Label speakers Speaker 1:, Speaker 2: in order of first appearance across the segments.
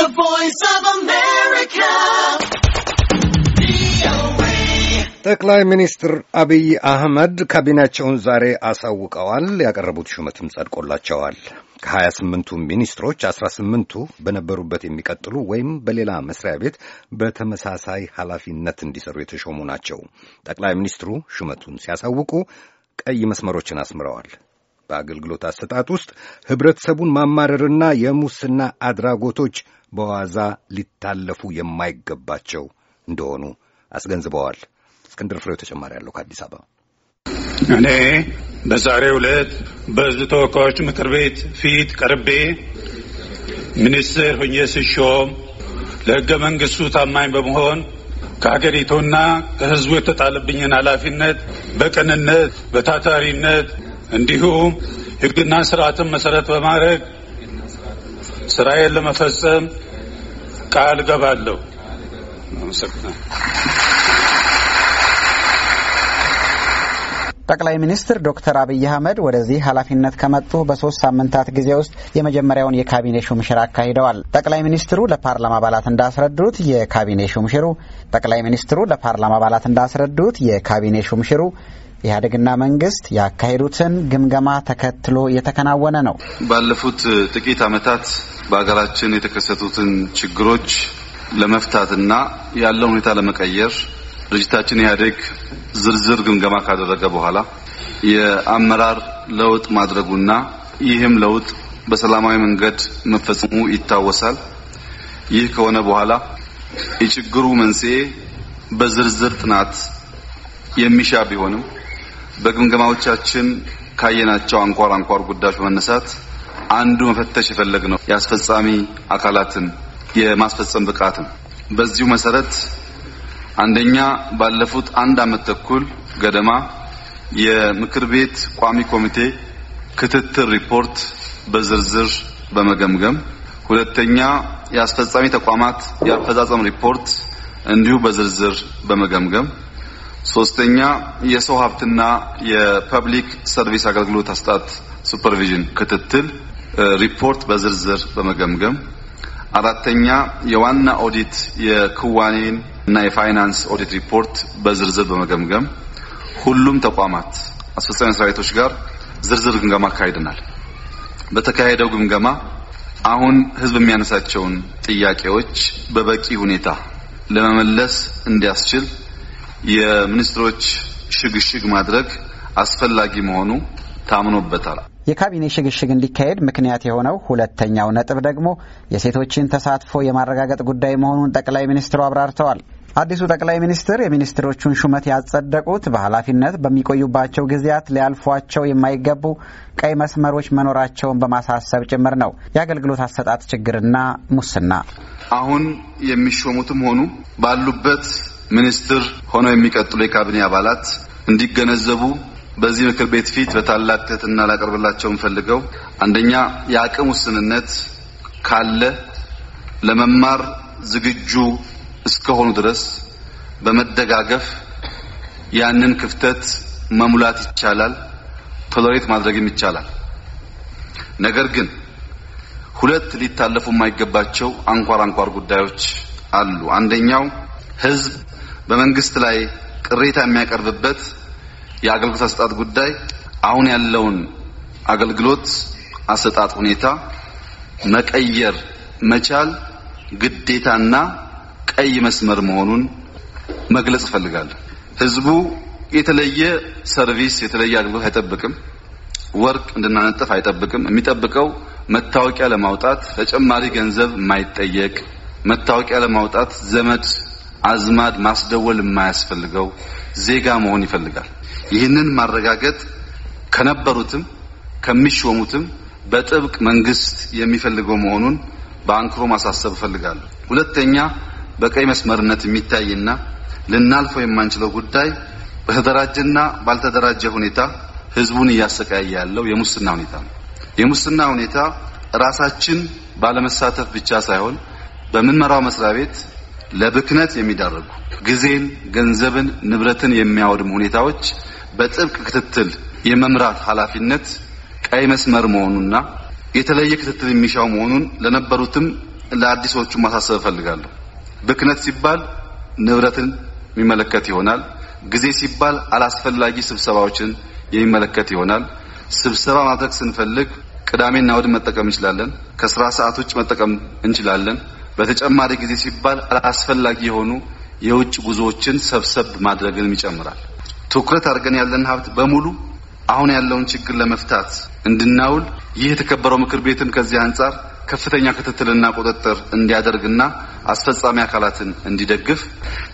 Speaker 1: The Voice of America. ጠቅላይ ሚኒስትር አብይ አህመድ ካቢናቸውን ዛሬ አሳውቀዋል። ያቀረቡት ሹመትም ጸድቆላቸዋል። ከሀያ ስምንቱ ሚኒስትሮች አስራ ስምንቱ በነበሩበት የሚቀጥሉ ወይም በሌላ መስሪያ ቤት በተመሳሳይ ኃላፊነት እንዲሰሩ የተሾሙ ናቸው። ጠቅላይ ሚኒስትሩ ሹመቱን ሲያሳውቁ ቀይ መስመሮችን አስምረዋል። በአገልግሎት አሰጣጥ ውስጥ ህብረተሰቡን ማማረርና የሙስና አድራጎቶች በዋዛ ሊታለፉ የማይገባቸው እንደሆኑ አስገንዝበዋል። እስክንድር ፍሬው ተጨማሪ ያለው ከአዲስ አበባ። እኔ በዛሬው ዕለት በሕዝብ ተወካዮች ምክር ቤት ፊት ቀርቤ ሚኒስትር ሁኜ ስሾም ለሕገ መንግሥቱ ታማኝ በመሆን ከሀገሪቱና ከሕዝቡ የተጣለብኝን ኃላፊነት በቅንነት በታታሪነት እንዲሁም ህግና ስርዓትን መሰረት በማድረግ ስራዬን ለመፈጸም ቃል ገባለሁ።
Speaker 2: ጠቅላይ ሚኒስትር ዶክተር አብይ አህመድ ወደዚህ ኃላፊነት ከመጡ በሶስት ሳምንታት ጊዜ ውስጥ የመጀመሪያውን የካቢኔ ሹምሽር አካሂደዋል። ጠቅላይ ሚኒስትሩ ለፓርላማ አባላት እንዳስረዱት የካቢኔ ሹምሽሩ ጠቅላይ ሚኒስትሩ ለፓርላማ አባላት እንዳስረዱት የካቢኔ ሹምሽሩ ኢህአዴግና መንግስት ያካሄዱትን ግምገማ ተከትሎ የተከናወነ ነው።
Speaker 1: ባለፉት ጥቂት ዓመታት በሀገራችን የተከሰቱትን ችግሮች ለመፍታትና ያለውን ሁኔታ ለመቀየር ድርጅታችን ኢህአዴግ ዝርዝር ግምገማ ካደረገ በኋላ የአመራር ለውጥ ማድረጉና ይህም ለውጥ በሰላማዊ መንገድ መፈጸሙ ይታወሳል። ይህ ከሆነ በኋላ የችግሩ መንስኤ በዝርዝር ጥናት የሚሻ ቢሆንም በግምገማዎቻችን ካየናቸው አንኳር አንኳር ጉዳዮች በመነሳት አንዱ መፈተሽ የፈለግ ነው የአስፈጻሚ አካላትን የማስፈጸም ብቃትን። በዚሁ መሰረት አንደኛ ባለፉት አንድ አመት ተኩል ገደማ የምክር ቤት ቋሚ ኮሚቴ ክትትል ሪፖርት በዝርዝር በመገምገም፣ ሁለተኛ የአስፈጻሚ ተቋማት የአፈጻጸም ሪፖርት እንዲሁ በዝርዝር በመገምገም ሶስተኛ የሰው ሀብትና የፐብሊክ ሰርቪስ አገልግሎት አስጣት ሱፐርቪዥን ክትትል ሪፖርት በዝርዝር በመገምገም አራተኛ የዋና ኦዲት የክዋኔን እና የፋይናንስ ኦዲት ሪፖርት በዝርዝር በመገምገም ሁሉም ተቋማት አስፈጻሚ መስሪያ ቤቶች ጋር ዝርዝር ግምገማ አካሂደናል። በተካሄደው ግምገማ አሁን ህዝብ የሚያነሳቸውን ጥያቄዎች በበቂ ሁኔታ ለመመለስ እንዲያስችል የሚኒስትሮች ሽግሽግ ማድረግ አስፈላጊ መሆኑ ታምኖበታል።
Speaker 2: የካቢኔ ሽግሽግ እንዲካሄድ ምክንያት የሆነው ሁለተኛው ነጥብ ደግሞ የሴቶችን ተሳትፎ የማረጋገጥ ጉዳይ መሆኑን ጠቅላይ ሚኒስትሩ አብራርተዋል። አዲሱ ጠቅላይ ሚኒስትር የሚኒስትሮቹን ሹመት ያጸደቁት በኃላፊነት በሚቆዩባቸው ጊዜያት ሊያልፏቸው የማይገቡ ቀይ መስመሮች መኖራቸውን በማሳሰብ ጭምር ነው። የአገልግሎት አሰጣጥ ችግርና ሙስና
Speaker 1: አሁን የሚሾሙትም ሆኑ ባሉበት ሚኒስትር ሆነው የሚቀጥሉ የካቢኔ አባላት እንዲገነዘቡ በዚህ ምክር ቤት ፊት በታላቅ ትህትና ላቀርብላቸው የምፈልገው አንደኛ የአቅም ውስንነት ካለ ለመማር ዝግጁ እስከሆኑ ድረስ በመደጋገፍ ያንን ክፍተት መሙላት ይቻላል፣ ቶሎሬት ማድረግም ይቻላል። ነገር ግን ሁለት ሊታለፉ የማይገባቸው አንኳር አንኳር ጉዳዮች አሉ። አንደኛው ህዝብ በመንግስት ላይ ቅሬታ የሚያቀርብበት የአገልግሎት አሰጣጥ ጉዳይ አሁን ያለውን አገልግሎት አሰጣጥ ሁኔታ መቀየር መቻል ግዴታና ቀይ መስመር መሆኑን መግለጽ እፈልጋለሁ። ህዝቡ የተለየ ሰርቪስ የተለየ አገልግሎት አይጠብቅም። ወርቅ እንድናነጥፍ አይጠብቅም። የሚጠብቀው መታወቂያ ለማውጣት ተጨማሪ ገንዘብ ማይጠየቅ መታወቂያ ለማውጣት ዘመድ አዝማድ ማስደወል የማያስፈልገው ዜጋ መሆን ይፈልጋል። ይህንን ማረጋገጥ ከነበሩትም ከሚሾሙትም በጥብቅ መንግስት የሚፈልገው መሆኑን በአንክሮ ማሳሰብ እፈልጋለሁ። ሁለተኛ በቀይ መስመርነት የሚታይና ልናልፈው የማንችለው ጉዳይ በተደራጀና ባልተደራጀ ሁኔታ ህዝቡን እያሰቃየ ያለው የሙስና ሁኔታ ነው። የሙስና ሁኔታ ራሳችን ባለመሳተፍ ብቻ ሳይሆን በምንመራው መስሪያ ቤት ለብክነት የሚዳርጉ ጊዜን፣ ገንዘብን፣ ንብረትን የሚያወድሙ ሁኔታዎች በጥብቅ ክትትል የመምራት ኃላፊነት ቀይ መስመር መሆኑና የተለየ ክትትል የሚሻው መሆኑን ለነበሩትም ለአዲሶቹ ማሳሰብ እፈልጋለሁ። ብክነት ሲባል ንብረትን የሚመለከት ይሆናል። ጊዜ ሲባል አላስፈላጊ ስብሰባዎችን የሚመለከት ይሆናል። ስብሰባ ማድረግ ስንፈልግ ቅዳሜና እሁድን መጠቀም እንችላለን። ከስራ ሰዓት ውጭ መጠቀም እንችላለን። በተጨማሪ ጊዜ ሲባል አላስፈላጊ የሆኑ የውጭ ጉዞዎችን ሰብሰብ ማድረግንም ይጨምራል። ትኩረት አድርገን ያለን ሀብት በሙሉ አሁን ያለውን ችግር ለመፍታት እንድናውል ይህ የተከበረው ምክር ቤትም ከዚህ አንጻር ከፍተኛ ክትትልና ቁጥጥር እንዲያደርግና አስፈጻሚ አካላትን እንዲደግፍ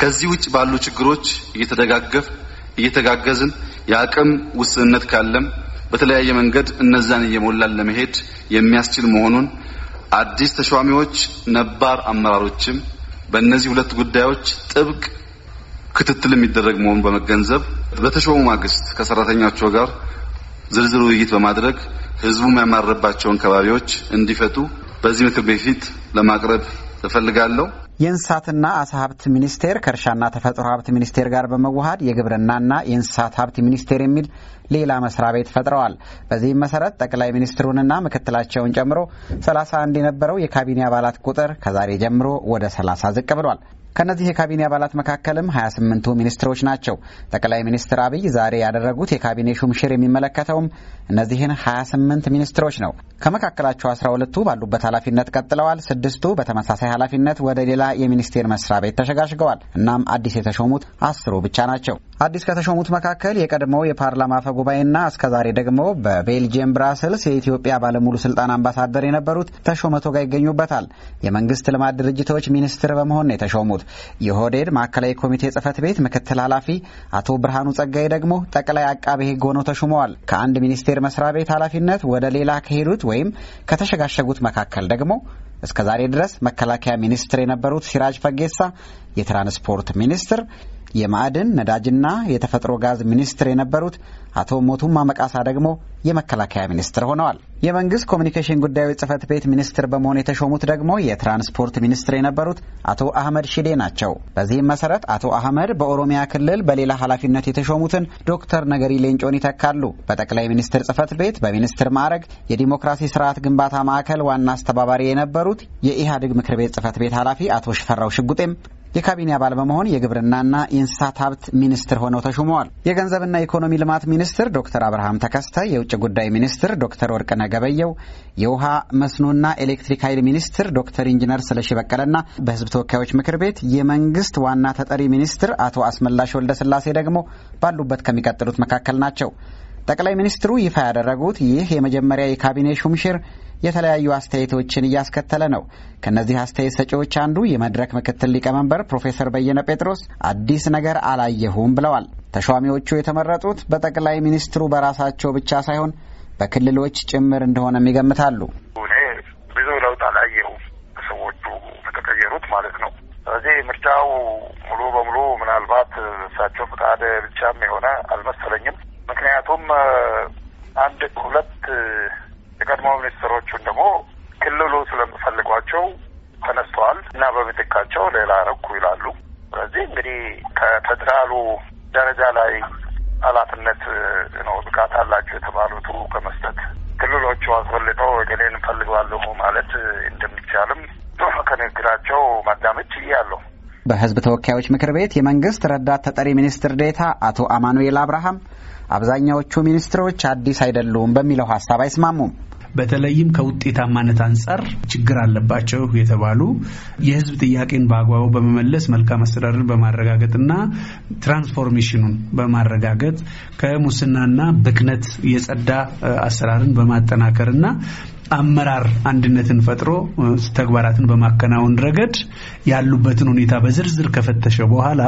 Speaker 1: ከዚህ ውጭ ባሉ ችግሮች እየተደጋገፍ እየተጋገዝን የአቅም ውስንነት ካለም በተለያየ መንገድ እነዛን እየሞላን ለመሄድ የሚያስችል መሆኑን አዲስ ተሿሚዎች፣ ነባር አመራሮችም በእነዚህ ሁለት ጉዳዮች ጥብቅ ክትትል የሚደረግ መሆኑን በመገንዘብ በተሾሙ ማግስት ከሰራተኛቸው ጋር ዝርዝር ውይይት በማድረግ ህዝቡ ያማረባቸውን ከባቢዎች እንዲፈቱ በዚህ ምክር ቤት ፊት ለማቅረብ እፈልጋለሁ።
Speaker 2: የእንስሳትና አሳ ሀብት ሚኒስቴር ከእርሻና ተፈጥሮ ሀብት ሚኒስቴር ጋር በመዋሃድ የግብርናና የእንስሳት ሀብት ሚኒስቴር የሚል ሌላ መስሪያ ቤት ፈጥረዋል። በዚህም መሰረት ጠቅላይ ሚኒስትሩንና ምክትላቸውን ጨምሮ 31 የነበረው የካቢኔ አባላት ቁጥር ከዛሬ ጀምሮ ወደ 30 ዝቅ ብሏል። ከእነዚህ የካቢኔ አባላት መካከልም 28ቱ ሚኒስትሮች ናቸው። ጠቅላይ ሚኒስትር አብይ ዛሬ ያደረጉት የካቢኔ ሹምሽር የሚመለከተውም እነዚህን 28 ሚኒስትሮች ነው። ከመካከላቸው 12ቱ ባሉበት ኃላፊነት ቀጥለዋል። ስድስቱ በተመሳሳይ ኃላፊነት ወደ ሌላ የሚኒስቴር መስሪያ ቤት ተሸጋሽገዋል። እናም አዲስ የተሾሙት አስሩ ብቻ ናቸው። አዲስ ከተሾሙት መካከል የቀድሞው የፓርላማ አፈ ጉባኤና እስከዛሬ ደግሞ በቤልጅየም ብራስልስ የኢትዮጵያ ባለሙሉ ስልጣን አምባሳደር የነበሩት ተሾመቶ ጋር ይገኙበታል። የመንግስት ልማት ድርጅቶች ሚኒስትር በመሆን ነው የተሾሙት። የኦህዴድ ማዕከላዊ ኮሚቴ ጽህፈት ቤት ምክትል ኃላፊ አቶ ብርሃኑ ጸጋዬ ደግሞ ጠቅላይ አቃቤ ሕግ ሆነው ተሹመዋል። ከአንድ ሚኒስቴር መስሪያ ቤት ኃላፊነት ወደ ሌላ ከሄዱት ወይም ከተሸጋሸጉት መካከል ደግሞ እስከ ዛሬ ድረስ መከላከያ ሚኒስትር የነበሩት ሲራጅ ፈጌሳ፣ የትራንስፖርት ሚኒስትር የማዕድን ነዳጅና የተፈጥሮ ጋዝ ሚኒስትር የነበሩት አቶ ሞቱማ መቃሳ ደግሞ የመከላከያ ሚኒስትር ሆነዋል። የመንግስት ኮሚኒኬሽን ጉዳዮች ጽህፈት ቤት ሚኒስትር በመሆን የተሾሙት ደግሞ የትራንስፖርት ሚኒስትር የነበሩት አቶ አህመድ ሺዴ ናቸው። በዚህም መሰረት አቶ አህመድ በኦሮሚያ ክልል በሌላ ኃላፊነት የተሾሙትን ዶክተር ነገሪ ሌንጮን ይተካሉ። በጠቅላይ ሚኒስትር ጽህፈት ቤት በሚኒስትር ማዕረግ የዲሞክራሲ ስርዓት ግንባታ ማዕከል ዋና አስተባባሪ የነበሩት የኢህአዴግ ምክር ቤት ጽህፈት ቤት ኃላፊ አቶ ሽፈራው ሽጉጤም የካቢኔ አባል በመሆን የግብርናና የእንስሳት ሀብት ሚኒስትር ሆነው ተሹመዋል። የገንዘብና ኢኮኖሚ ልማት ሚኒስትር ዶክተር አብርሃም ተከስተ፣ የውጭ ጉዳይ ሚኒስትር ዶክተር ወርቅነህ ገበየው፣ የውሃ መስኖና ኤሌክትሪክ ኃይል ሚኒስትር ዶክተር ኢንጂነር ስለሺ በቀለና በህዝብ ተወካዮች ምክር ቤት የመንግስት ዋና ተጠሪ ሚኒስትር አቶ አስመላሽ ወልደስላሴ ደግሞ ባሉበት ከሚቀጥሉት መካከል ናቸው። ጠቅላይ ሚኒስትሩ ይፋ ያደረጉት ይህ የመጀመሪያ የካቢኔ ሹምሽር የተለያዩ አስተያየቶችን እያስከተለ ነው። ከእነዚህ አስተያየት ሰጪዎች አንዱ የመድረክ ምክትል ሊቀመንበር ፕሮፌሰር በየነ ጴጥሮስ አዲስ ነገር አላየሁም ብለዋል። ተሿሚዎቹ የተመረጡት በጠቅላይ ሚኒስትሩ በራሳቸው ብቻ ሳይሆን በክልሎች ጭምር እንደሆነም ይገምታሉ።
Speaker 3: እኔ ብዙ ለውጥ አላየሁም ሰዎቹ ከተቀየሩት ማለት ነው። ስለዚህ ምርጫው ሙሉ በሙሉ ምናልባት እሳቸው ፍቃድ ብቻም የሆነ አልመሰለኝም። ምክንያቱም አንድ ሁለት የቀድሞ ሚኒስትሮቹን ደግሞ ክልሉ ስለሚፈልጓቸው ተነስተዋል እና በምትካቸው ሌላ ረኩ ይላሉ። ስለዚህ እንግዲህ ከፌዴራሉ ደረጃ ላይ ኃላፊነት ነው ብቃት አላቸው የተባሉቱ ከመስጠት ክልሎቹ አስፈልጦ ወገኔ እንፈልገዋለሁ ማለት እንደሚቻልም ከንግግራቸው ማዳመጭ እያለሁ
Speaker 2: በህዝብ ተወካዮች ምክር ቤት የመንግስት ረዳት ተጠሪ ሚኒስትር ዴታ አቶ አማኑኤል አብርሃም አብዛኛዎቹ ሚኒስትሮች አዲስ አይደሉም በሚለው ሀሳብ
Speaker 3: አይስማሙም። በተለይም ከውጤታማነት አንጻር ችግር አለባቸው የተባሉ የህዝብ ጥያቄን በአግባቡ በመመለስ መልካም አስተዳደርን በማረጋገጥና ትራንስፎርሜሽኑን በማረጋገጥ ከሙስናና ብክነት የጸዳ አሰራርን በማጠናከርና አመራር አንድነትን ፈጥሮ ተግባራትን በማከናወን ረገድ ያሉበትን ሁኔታ በዝርዝር ከፈተሸ በኋላ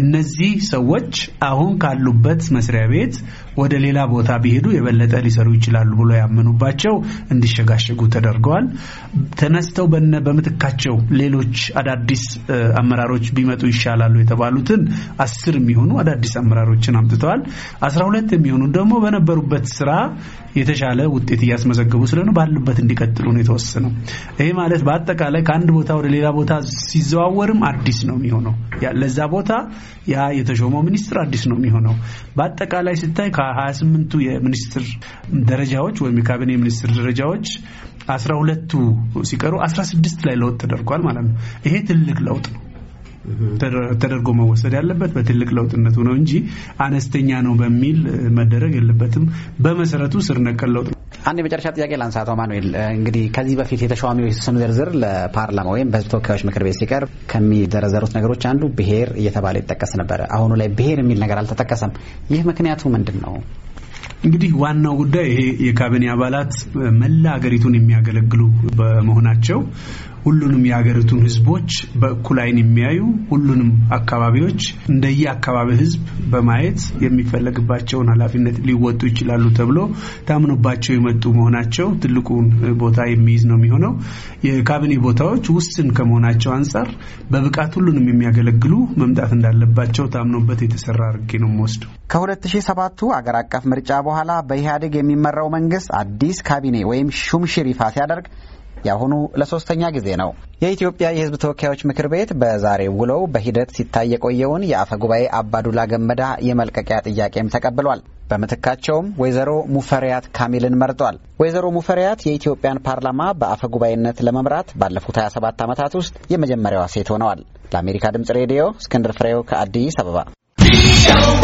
Speaker 3: እነዚህ ሰዎች አሁን ካሉበት መስሪያ ቤት ወደ ሌላ ቦታ ቢሄዱ የበለጠ ሊሰሩ ይችላሉ ብሎ ያመኑባቸው እንዲሸጋሸጉ ተደርገዋል። ተነስተው በምትካቸው ሌሎች አዳዲስ አመራሮች ቢመጡ ይሻላሉ የተባሉትን አስር የሚሆኑ አዳዲስ አመራሮችን አምጥተዋል። አስራ ሁለት የሚሆኑ ደግሞ በነበሩበት ስራ የተሻለ ውጤት እያስመዘገቡ ስለሆነ ባሉበት እንዲቀጥሉ ነው የተወሰነው። ይሄ ማለት በአጠቃላይ ከአንድ ቦታ ወደ ሌላ ቦታ ሲዘዋወርም አዲስ ነው የሚሆነው። ለዛ ቦታ ያ የተሾመው ሚኒስትር አዲስ ነው የሚሆነው። በአጠቃላይ ሲታይ ከ28ቱ የሚኒስትር ደረጃዎች ወይም የካቢኔ ሚኒስትር ደረጃዎች አስራ ሁለቱ ሲቀሩ አስራ ስድስት ላይ ለውጥ ተደርጓል ማለት ነው። ይሄ ትልቅ ለውጥ ነው ተደርጎ መወሰድ ያለበት በትልቅ ለውጥነቱ ነው እንጂ አነስተኛ ነው በሚል መደረግ የለበትም። በመሰረቱ ስር ነቀል ለውጥ
Speaker 2: አንድ የመጨረሻ ጥያቄ ላንሳ። አቶ ማኑኤል እንግዲህ ከዚህ በፊት የተሿሚዎች ስም ዝርዝር ለፓርላማ ወይም በህዝብ ተወካዮች ምክር ቤት ሲቀርብ ከሚዘረዘሩት ነገሮች አንዱ ብሄር እየተባለ ይጠቀስ ነበረ። አሁኑ ላይ ብሄር የሚል ነገር አልተጠቀሰም። ይህ ምክንያቱ ምንድን ነው?
Speaker 3: እንግዲህ ዋናው ጉዳይ ይሄ የካቢኔ አባላት መላ ሀገሪቱን የሚያገለግሉ በመሆናቸው ሁሉንም የሀገሪቱን ህዝቦች በእኩል አይን የሚያዩ ሁሉንም አካባቢዎች እንደየ አካባቢ ህዝብ በማየት የሚፈለግባቸውን ኃላፊነት ሊወጡ ይችላሉ ተብሎ ታምኖባቸው የመጡ መሆናቸው ትልቁን ቦታ የሚይዝ ነው የሚሆነው። የካቢኔ ቦታዎች ውስን ከመሆናቸው አንጻር በብቃት ሁሉንም የሚያገለግሉ መምጣት እንዳለባቸው ታምኖበት የተሰራ አድርጌ ነው የምወስደው።
Speaker 2: 207 አገር አቀፍ ምርጫ በኋላ በኢህአዴግ የሚመራው መንግስት አዲስ ካቢኔ ወይም ሹምሽር ይፋ ሲያደርግ የአሁኑ ለሶስተኛ ጊዜ ነው። የኢትዮጵያ የሕዝብ ተወካዮች ምክር ቤት በዛሬ ውለው በሂደት ሲታይ የቆየውን የአፈ ጉባኤ አባዱላ ገመዳ የመልቀቂያ ጥያቄም ተቀብሏል። በምትካቸውም ወይዘሮ ሙፈሪያት ካሚልን መርጧል። ወይዘሮ ሙፈሪያት የኢትዮጵያን ፓርላማ በአፈ ጉባኤነት ለመምራት ባለፉት 27 ዓመታት ውስጥ የመጀመሪያዋ ሴት ሆነዋል። ለአሜሪካ ድምጽ ሬዲዮ እስክንድር ፍሬው ከአዲስ አበባ